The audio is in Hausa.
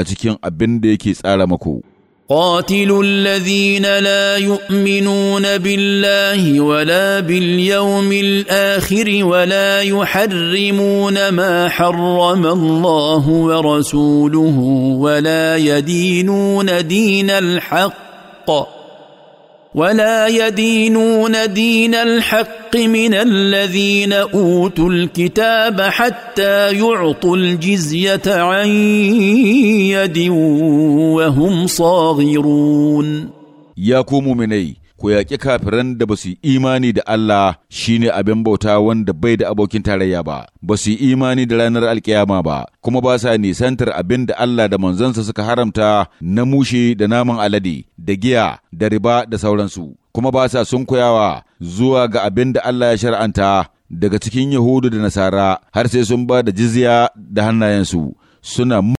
أتكين cikin abin قاتلوا الذين لا يؤمنون بالله ولا باليوم الاخر ولا يحرمون ما حرم الله ورسوله ولا يدينون دين الحق ولا يدينون دين الحق من الذين اوتوا الكتاب حتى يعطوا الجزيه عن يد وهم صاغرون يا كومومني ku yaƙi kafiran da ba su yi imani da Allah shine abin bauta wanda bai da abokin tarayya ba, ba su yi imani da ranar alkiyama ba, kuma ba sa nisantar abin da Allah da manzonsa suka haramta na mushe da naman alade da giya da riba da sauransu, kuma ba sa sunkuyawa zuwa ga abin da Allah ya shar'anta daga cikin Yahudu da Nasara har sai sun ba da jizya da hannayensu suna